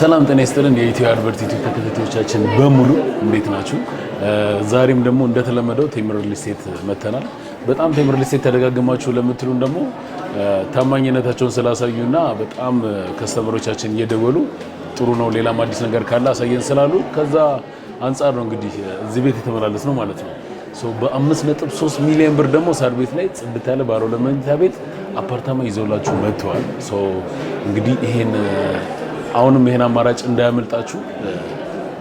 ሰላም ጤና ይስጥልን የኢትዮ አድቨርት ዩቲዩብ ተከታታዮቻችን በሙሉ እንዴት ናችሁ? ዛሬም ደግሞ እንደተለመደው ቴምር ሪል ስቴት መተናል። በጣም ቴምር ሪል ስቴት ተደጋግማችሁ ለምትሉን ደግሞ ታማኝነታቸውን ስላሳዩና በጣም ከስተመሮቻችን እየደወሉ ጥሩ ነው ሌላም አዲስ ነገር ካለ አሳየን ስላሉ ከዛ አንጻር ነው እንግዲህ እዚህ ቤት የተመላለስ ነው ማለት ነው። በአምስት ነጥብ ሶስት ሚሊዮን ብር ደግሞ ሳር ቤት ላይ ጽድት ያለ ባሮ ለመኝታ ቤት አፓርታማ ይዘውላችሁ መጥተዋል። እንግዲህ ይሄን አሁንም ይሄን አማራጭ እንዳያመልጣችሁ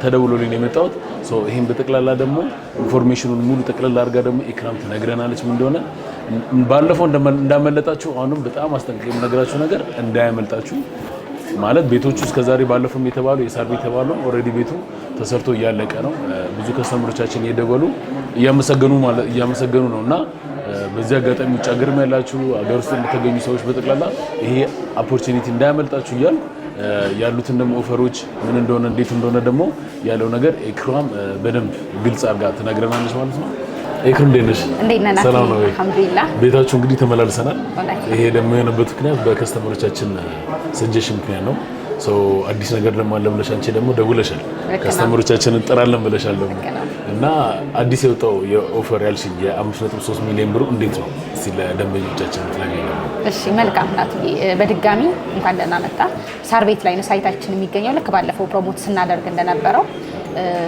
ተደውሎልኝ ነው የመጣሁት። ይሄን በጠቅላላ ደግሞ ኢንፎርሜሽኑን ሙሉ ጠቅላላ አድርጋ ደግሞ ኢክራም ትነግረናለች ምን እንደሆነ። ባለፈው እንዳመለጣችሁ አሁንም በጣም አስጠንቅቄ የምነግራችሁ ነገር እንዳያመልጣችሁ ማለት ቤቶቹ እስከዛሬ ባለፈው የተባሉ የሳር ቤት የተባለው ኦልሬዲ ቤቱ ተሰርቶ እያለቀ ነው። ብዙ ከስተምሮቻችን እየደወሉ እያመሰገኑ ማለት እያመሰገኑ ነው እና በዚህ አጋጣሚ ውጭ ሀገርም ያላችሁ ሀገር ውስጥ የምትገኙ ሰዎች በጠቅላላ ይሄ ኦፖርቹኒቲ እንዳያመልጣችሁ እያልኩ ያሉትን ደግሞ ኦፈሮች ምን እንደሆነ እንዴት እንደሆነ ደግሞ ያለው ነገር ኤክሯም በደንብ ግልጽ አድርጋ ትነግረናለች ማለት ነው። ኤክሩም እንዴት ነሽ? ሰላም ነው? አልሐምዱሊላህ። ቤታችሁ እንግዲህ ተመላልሰናል። ይሄ ደግሞ የሆነበት ምክንያት በከስተመሮቻችን ሰጀሽን ምክንያት ነው። ሰው አዲስ ነገር ደግሞ አለ ብለሽ አንቺ ደግሞ ደውለሻል። ከስተመሮቻችን እንጠራለን ብለሻል ደግሞ እና አዲስ የወጣው የኦፈር ያልሽኝ የ5.3 ሚሊዮን ብሩ እንዴት ነው እስኪ ለደንበኞቻችን ምትለኝ? እሺ መልካም ናት። በድጋሚ እንኳን ደህና መጣ። ሳር ቤት ላይ ነው ሳይታችን የሚገኘው። ልክ ባለፈው ፕሮሞት ስናደርግ እንደነበረው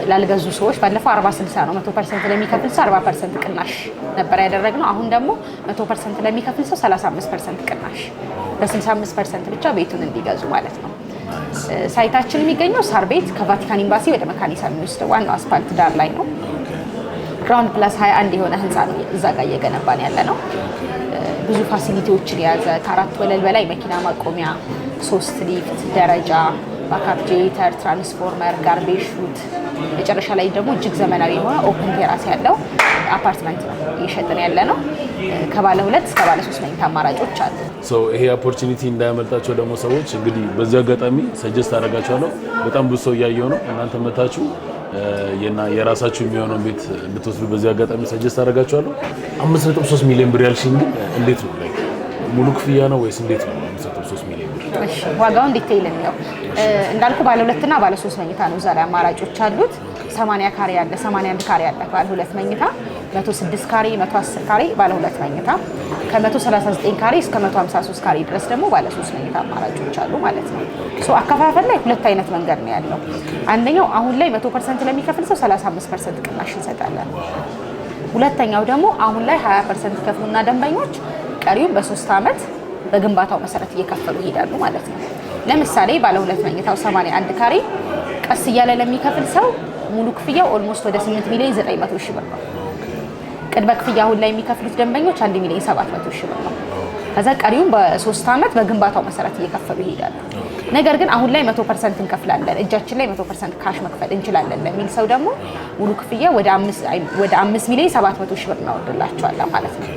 ላልገዙ ሰዎች ባለፈው 40 60 ነው 100 ፐርሰንት ለሚከፍል ሰው 40 ፐርሰንት ቅናሽ ነበር ያደረግነው። አሁን ደግሞ 100 ፐርሰንት ለሚከፍል ሰው 35 ፐርሰንት ቅናሽ በ65 ፐርሰንት ብቻ ቤቱን እንዲገዙ ማለት ነው። ሳይታችን የሚገኘው ሳር ቤት ከቫቲካን ኤምባሲ ወደ መካኒሳ የሚወስደው ዋናው አስፓልት ዳር ላይ ነው። ግራውንድ ፕላስ 21 የሆነ ህንፃ ነው እዛ ጋር እየገነባን ያለ ነው። ብዙ ፋሲሊቲዎችን የያዘ ከአራት ወለል በላይ መኪና ማቆሚያ፣ ሶስት ሊፍት፣ ደረጃ፣ ባካፕ ጄኔሬተር፣ ትራንስፎርመር፣ ጋርቤጅ ሹት፣ መጨረሻ ላይ ደግሞ እጅግ ዘመናዊ የሆነ ኦፕን ቴራስ ያለው አፓርትመንት ነው እየሸጥን ያለ ነው። ከባለ ሁለት እስከ ባለ ሶስት መኝታ አማራጮች አሉ። ይሄ ኦፖርቹኒቲ እንዳያመልጣቸው ደግሞ ሰዎች እንግዲህ በዚህ አጋጣሚ ሰጀስት አደርጋቸዋለሁ። በጣም ብዙ ሰው እያየው ነው። እናንተ መታችሁ የራሳችሁ የሚሆነውን ቤት እንድትወስዱ በዚህ አጋጣሚ ሰጀስት አደርጋቸዋለሁ። አምስት ነጥብ ሶስት ሚሊዮን ብር ያልሽኝ ግን እንዴት ነው ላይ ሙሉ ክፍያ ነው ወይስ እንዴት ነው? ዋጋው ነጥብ ሶስት ሚሊዮን ዲቴይል የሚለው እንዳልኩ ባለ ሁለትና ባለ ሶስት መኝታ ነው። ዛሬ አማራጮች አሉት። ሰማንያ ካሬ ያለ፣ ሰማንያ አንድ ካሬ ያለ ባለ ሁለት መኝታ 106 ካሬ፣ 110 ካሬ ባለ ሁለት መኝታ ከ139 ካሬ እስከ 153 ካሬ ድረስ ደግሞ ባለ ሶስት መኝታ አማራጮች አሉ ማለት ነው። አከፋፈል ላይ ሁለት አይነት መንገድ ነው ያለው። አንደኛው አሁን ላይ 100 ፐርሰንት ለሚከፍል ሰው 35 ፐርሰንት ቅናሽ እንሰጣለን። ሁለተኛው ደግሞ አሁን ላይ 20 ፐርሰንት ከፍሉና ደንበኞች ቀሪውን በሶስት ዓመት በግንባታው መሰረት እየከፈሉ ይሄዳሉ ማለት ነው። ለምሳሌ ባለ ሁለት መኝታው 81 ካሬ ቀስ እያለ ለሚከፍል ሰው ሙሉ ክፍያው ኦልሞስት ወደ 8 ሚሊዮን 900 ሺህ ብር ነው። ቅድመ ክፍያ አሁን ላይ የሚከፍሉት ደንበኞች አንድ ሚሊዮን ሰባት መቶ ሺህ ብር ነው። ከዛ ቀሪውም በሶስት ዓመት በግንባታው መሰረት እየከፈሉ ይሄዳሉ። ነገር ግን አሁን ላይ መቶ ፐርሰንት እንከፍላለን እጃችን ላይ መቶ ፐርሰንት ካሽ መክፈል እንችላለን ለሚል ሰው ደግሞ ሙሉ ክፍያ ወደ አምስት ሚሊዮን ሰባት መቶ ሺህ ብር እናወርድላቸዋለን ማለት ነው።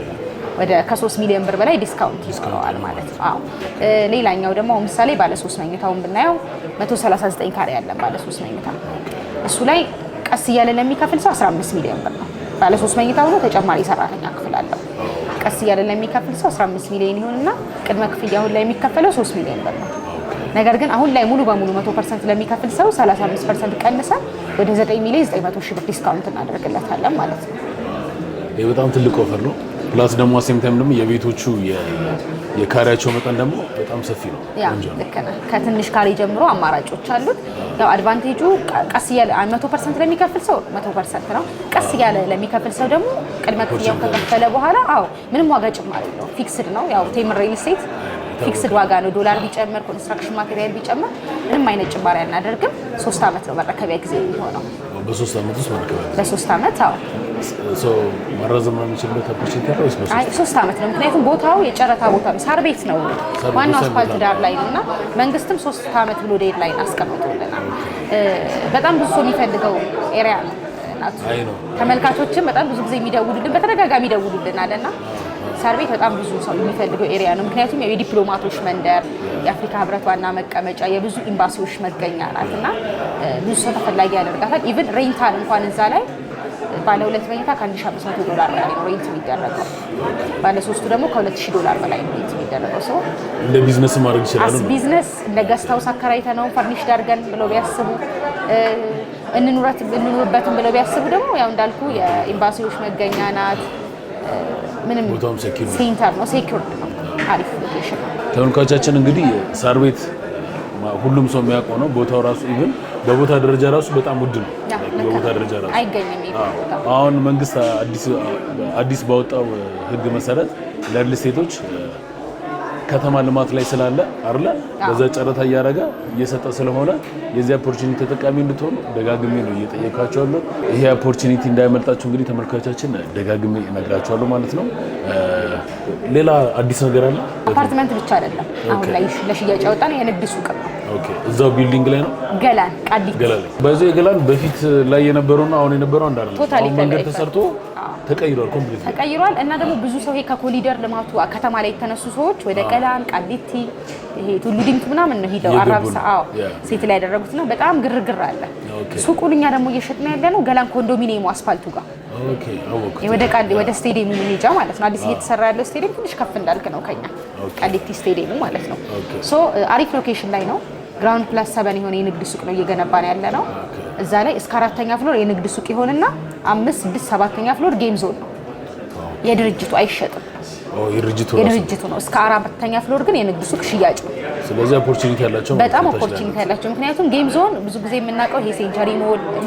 ወደ ከሶስት ሚሊዮን ብር በላይ ዲስካውንት ይኖረዋል ማለት ነው። አዎ ሌላኛው ደግሞ አሁን ምሳሌ ባለ ሶስት መኝታውን ብናየው 139 ካሬ ያለን ባለ መኝታ እሱ ላይ ቀስ እያለ ለሚከፍል ሰው 15 ሚሊዮን ብር ነው። ባለ ሶስት መኝታ ሆኖ ተጨማሪ ሰራተኛ ክፍል አለው። ቀስ እያለ ለሚከፍል ሰው 15 ሚሊዮን ይሁንና ቅድመ ክፍያ አሁን ላይ የሚከፈለው 3 ሚሊዮን ብር ነው። ነገር ግን አሁን ላይ ሙሉ በሙሉ 100% ለሚከፍል ሰው 35% ቀንሰን ወደ 9 ሚሊዮን 900 ሺህ ብር ዲስካውንት እናደርግለታለን ማለት ነው። ይህ በጣም ትልቅ ኦፈር ነው። ፕላስ ደግሞ አሴም ታይም ደግሞ የቤቶቹ የካሬያቸው መጠን ደግሞ በጣም ሰፊ ነው። ልክ ነህ። ከትንሽ ካሬ ጀምሮ አማራጮች አሉት። አድቫንቴጁ ቀስ እያለ መቶ ፐርሰንት ለሚከፍል ሰው መቶ ፐርሰንት ነው። ቀስ እያለ ለሚከፍል ሰው ደግሞ ቅድመ ክፍያው ከከፈለ በኋላ አዎ ምንም ዋጋ ጭማሪ ነው፣ ፊክስድ ነው። ያው ቴምር ሪል ስቴት ፊክስድ ዋጋ ነው። ዶላር ቢጨምር ኮንስትራክሽን ማቴሪያል ቢጨምር ምንም አይነት ጭማሪ አናደርግም። ሶስት ዓመት ነው መረከቢያ ጊዜ የሚሆነው። በሶስት ዓመት ውስጥ መረከቢያ በሶስት ዓመት አዎ ማራዘም የሚችልበት ሶስት ዓመት ነው። ምክንያቱም ቦታው የጨረታ ቦታ ነው፣ ሳር ቤት ነው። ዋናው አስፋልት ዳር ላይ ነው እና መንግስትም ሶስት ዓመት ብሎ ዴድ ላይ አስቀምጦልናል። በጣም ብዙ ሰው የሚፈልገው ኤሪያ ነው። ተመልካቾችም በጣም ብዙ ጊዜ የሚደውሉልን በተደጋጋሚ ይደውሉልናል እና ሳር ቤት በጣም ብዙ ሰው የሚፈልገው ኤሪያ ነው። ምክንያቱም የዲፕሎማቶች መንደር፣ የአፍሪካ ህብረት ዋና መቀመጫ፣ የብዙ ኤምባሲዎች መገኛ ናት እና ብዙ ሰው ተፈላጊ ያደርጋታል። ኢቨን ሬንታል እንኳን እዛ ላይ ባለ ሁለት መኝታ ከ1500 ዶላር በላይ ነው ሬንት የሚደረገው። ባለ ሶስቱ ደግሞ ከ2000 ዶላር በላይ ነው ሬንት የሚደረገው። ሰው እንደ ቢዝነስ ማድረግ ይችላል። ቢዝነስ እንደ ገስታውስ አከራይተ ነው ፈርኒሽ ዳርገን ብለው ቢያስቡ እንኑረት እንኑርበትም ብለው ቢያስቡ ደግሞ ያው እንዳልኩ የኤምባሲዎች መገኛ ናት። ምንም ሴንተር ነው፣ ሴኩርድ ነው። አሪፍ ሎኬሽን ነው። ተመልካቻችን እንግዲህ ሳር ቤት ሁሉም ሰው የሚያውቀው ነው። ቦታው ራሱ ኢቭን በቦታ ደረጃ ራሱ በጣም ውድ ነው። በቦታ ደረጃ ራሱ አይገኝም። አሁን መንግስት አዲስ ባወጣው ህግ መሰረት ለሪል ስቴቶች ከተማ ልማት ላይ ስላለ አይደለ በዛ ጨረታ እያደረገ እየሰጠ ስለሆነ የዚህ ኦፖርቹኒቲ ተጠቃሚ እንድትሆኑ ደጋግሜ ነው እየጠየቃቸው ያለው። ይሄ ኦፖርቹኒቲ እንዳይመልጣችሁ እንግዲህ ተመልካቾቻችን ደጋግሜ እነግራቸዋለሁ ማለት ነው። ሌላ አዲስ ነገር አለ። አፓርትመንት ብቻ አይደለም አሁን ላይ ለሽያጭ ያወጣን የንግድ ሱቅ እዛው ቢልዲንግ ላይ ነው ገላን ቃሊቲ ገላን በዚህ የገላን በፊት ላይ የነበረውና አሁን የነበረው አንድ አይደለም። ቶታሊ መንገድ ተሰርቶ ተቀይሯል፣ ኮምፕሊት ተቀይሯል። እና ደግሞ ብዙ ሰው ይሄ ከኮሊደር ልማቱ ከተማ ላይ የተነሱ ሰዎች ወደ ገላን ቃሊቲ፣ ይሄ ቱሉ ዲምቱ ምናምን ነው ሄደው አራብሳ፣ አዎ ሴት ላይ ያደረጉት ነው። በጣም ግርግር አለ። ሱቁን እኛ ደግሞ እየሸጥን ያለ ነው ገላን ኮንዶሚኒየሙ አስፋልቱ ጋር ወደ ቃሊቲ ወደ ስቴዲየሙ መሄጃ ማለት ነው። አዲስ እየተሰራ ያለው ስቴዲየም ትንሽ ከፍ እንዳልክ ነው ከኛ ቃሊቲ ስቴዲየሙ ማለት ነው። ሶ አሪፍ ሎኬሽን ላይ ነው። ግራውንድ ፕላስ ሰበን የሆነ የንግድ ሱቅ ነው እየገነባን ያለ ነው። እዛ ላይ እስከ አራተኛ ፍሎር የንግድ ሱቅ ይሆንና አምስት፣ ስድስት፣ ሰባተኛ ፍሎር ጌም ዞን ነው። የድርጅቱ አይሸጥም፣ የድርጅቱ ነው። እስከ አራተኛ ፍሎር ግን የንግድ ሱቅ ሽያጭ ነው። ስለዚህ ኦፖርቹኒቲ ያላቸው በጣም ኦፖርቹኒቲ ያላቸው። ምክንያቱም ጌም ዞን ብዙ ጊዜ የምናውቀው ይሄ ሴንቸሪ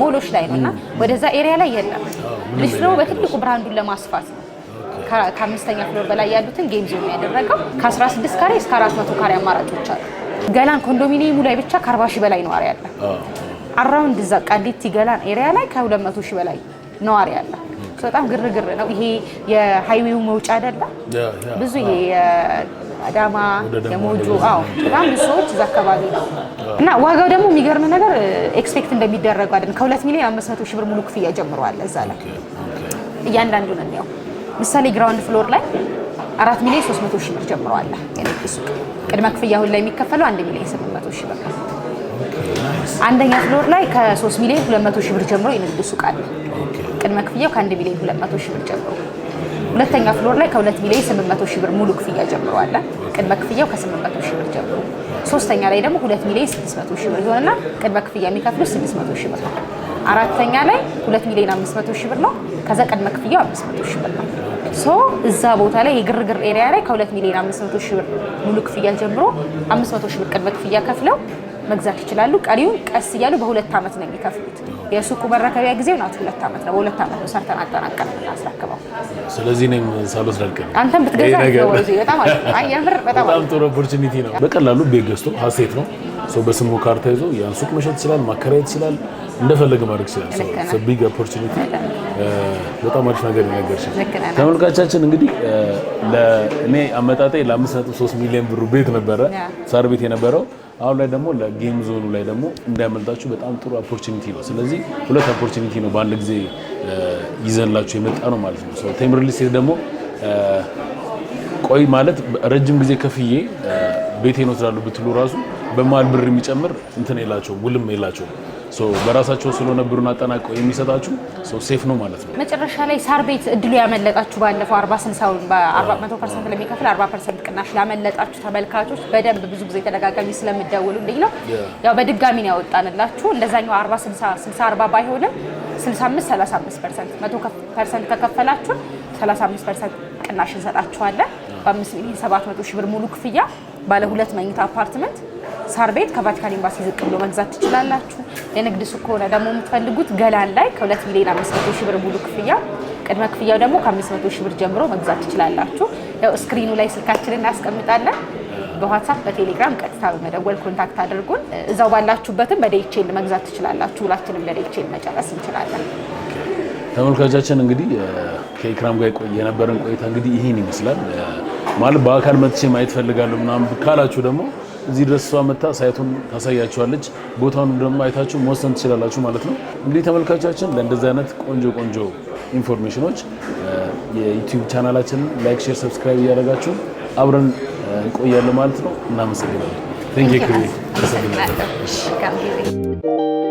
ሞሎች ላይ ነው እና ወደዛ ኤሪያ ላይ የለም። ልጅ ደግሞ በትልቁ ብራንዱን ለማስፋት ነው ከአምስተኛ ፍሎር በላይ ያሉትን ጌም ዞን ያደረገው ከ16 ካሬ እስከ 400 ካሬ አማራጮች አሉ። ገላን ኮንዶሚኒየሙ ላይ ብቻ ከአርባ ሺህ በላይ ነዋሪ አለ። አራውንድ እዛ ቃሊቲ ገላን ኤሪያ ላይ ከሁለት መቶ ሺህ በላይ ነዋሪ አለ። በጣም ግርግር ነው። ይሄ የሃይዌው መውጫ አይደለ? ብዙ ይሄ አዳማ የሞጆ በጣም ብዙ ሰዎች እዛ አካባቢ ነው። እና ዋጋው ደግሞ የሚገርም ነገር ኤክስፔክት እንደሚደረገው አይደለም። ከሁለት ሚሊዮን አምስት መቶ ሺህ ብር ሙሉ ክፍያ ጀምረዋል እዛ ላይ እያንዳንዱ ነው። ምሳሌ ግራውንድ ፍሎር ላይ አራት ሚሊዮን ሶስት መቶ ሺህ ብር አለ የንግድ ሱቅ ቅድመ ክፍያ አሁን ላይ የሚከፈለው አንድ ሚሊዮን ስምንት መቶ ሺህ ብር ነው። አንደኛ ፍሎር ላይ ከ3 ሚሊዮን 200 ሺህ ብር ጀምሮ የንግድ ሱቅ አለ። ቅድመ ክፍያው ከ1 ሚሊዮን 200 ሺህ ብር ጀምሮ። ሁለተኛ ፍሎር ላይ ከ2 ሚሊዮን 800 ሺህ ብር ሙሉ ክፍያ ጀምሮ አለ። ቅድመ ክፍያው ከ800 ሺህ ብር ጀምሮ። ሶስተኛ ላይ ደግሞ 2 ሚሊዮን 600 ሺህ ብር ይሆንና ቅድመ ክፍያ የሚከፍሉ 600 ሺህ ብር ነው። አራተኛ ላይ 2 ሚሊዮን 500 ሺህ ብር ነው። ከዛ ቅድመ ክፍያው 500 ሺህ ብር ነው። ሶ እዛ ቦታ ላይ የግርግር ኤሪያ ላይ ከሁለት ሚሊዮን አምስት መቶ ሺህ ብር ሙሉ ክፍያ ጀምሮ አምስት መቶ ሺህ ብር ቅድመ ክፍያ ከፍለው መግዛት ይችላሉ። ቀሪውን ቀስ እያሉ በሁለት ዓመት ነው የሚከፍሉት። የሱቁ መረከቢያ ጊዜው ናት ሁለት ዓመት ነው። በሁለት ዓመት ነው ሰርተን አጠናቀን የምናስረክበው። ስለዚህ እኔም ደልቅ አንተም ብትገዛ በጣም ጥሩ ኦፖርቹኒቲ ነው። በቀላሉ ቤት ገዝቶ ሀሴት ነው ሰው በስሙ ካርታ ይዞ ያን ሱቅ መሸጥ ይችላል፣ ማከራየት ይችላል፣ እንደፈለገ ማድረግ ይችላል። ሰው ቢግ ኦፖርቹኒቲ፣ በጣም አሪፍ ነገር የነገርሽ ተመልካቻችን። እንግዲህ እኔ አመጣጤ ለአምስት ነጥብ ሚሊዮን ብሩ ቤት ነበረ ሳር ቤት የነበረው አሁን ላይ ደግሞ ለጌም ዞኑ ላይ ደግሞ እንዳያመልጣችሁ በጣም ጥሩ ኦፖርቹኒቲ ነው። ስለዚህ ሁለት ኦፖርቹኒቲ ነው በአንድ ጊዜ ይዘንላችሁ የመጣ ነው ማለት ነው። ቴምር ሪል እስቴት ደግሞ ቆይ ማለት ረጅም ጊዜ ከፍዬ ቤቴ ነው ስላሉ ብትሉ ራሱ በመሀል ብር የሚጨምር እንትን የላቸው ውልም የላቸው በራሳቸው ስለሆነ ብሩን አጠናቀው የሚሰጣችሁ ሰው ሴፍ ነው ማለት ነው። መጨረሻ ላይ ሳር ቤት እድሉ ያመለጣችሁ ባለፈው አርባ ስልሳውን በመቶ ፐርሰንት ለሚከፍል 40 ፐርሰንት ቅናሽ ላመለጣችሁ ተመልካቾች በደንብ ብዙ ጊዜ ተደጋጋሚ ስለምደውሉ እንደ ነው ያው በድጋሚ ነው ያወጣንላችሁ። እንደዛኛው 60 60 40 ባይሆንም 65 35 ፐርሰንት መቶ ፐርሰንት ፐርሰንት ቅናሽ እንሰጣችኋለን። በአምስት ሚሊዮን ሺህ ብር ሙሉ ክፍያ ባለ ሁለት መኝታ አፓርትመንት ሳር ቤት ከቫቲካን ኤምባሲ ዝቅ ብሎ መግዛት ትችላላችሁ። የንግድ ሱቅ ከሆነ ደግሞ የምትፈልጉት ገላን ላይ ከ2 ሚሊዮን 500 ሺህ ብር ሙሉ ክፍያ፣ ቅድመ ክፍያው ደግሞ ከ500 ሺህ ብር ጀምሮ መግዛት ትችላላችሁ። ያው እስክሪኑ ላይ ስልካችንን እናስቀምጣለን። በዋትሳፕ በቴሌግራም ቀጥታ በመደወል ኮንታክት አድርጉን። እዛው ባላችሁበትም በደይቼል መግዛት ትችላላችሁ። ሁላችንም በደይቼል መጨረስ እንችላለን። ተመልካቻችን እንግዲህ ከኢክራም ጋር የነበረን ቆይታ እንግዲህ ይህን ይመስላል። ማለት በአካል መጥቼ ማየት ፈልጋለሁ ምናምን ካላችሁ ደግሞ እዚህ ድረስ እሷ መታ ሳይቱን ታሳያችኋለች። ቦታውን ደግሞ አይታችሁ መወሰን ትችላላችሁ ማለት ነው። እንግዲህ ተመልካቾቻችን ለእንደዚህ አይነት ቆንጆ ቆንጆ ኢንፎርሜሽኖች የዩቲዩብ ቻናላችንን ላይክ፣ ሼር፣ ሰብስክራይብ እያደረጋችሁ አብረን እንቆያለን ማለት ነው። እናመሰግናለን።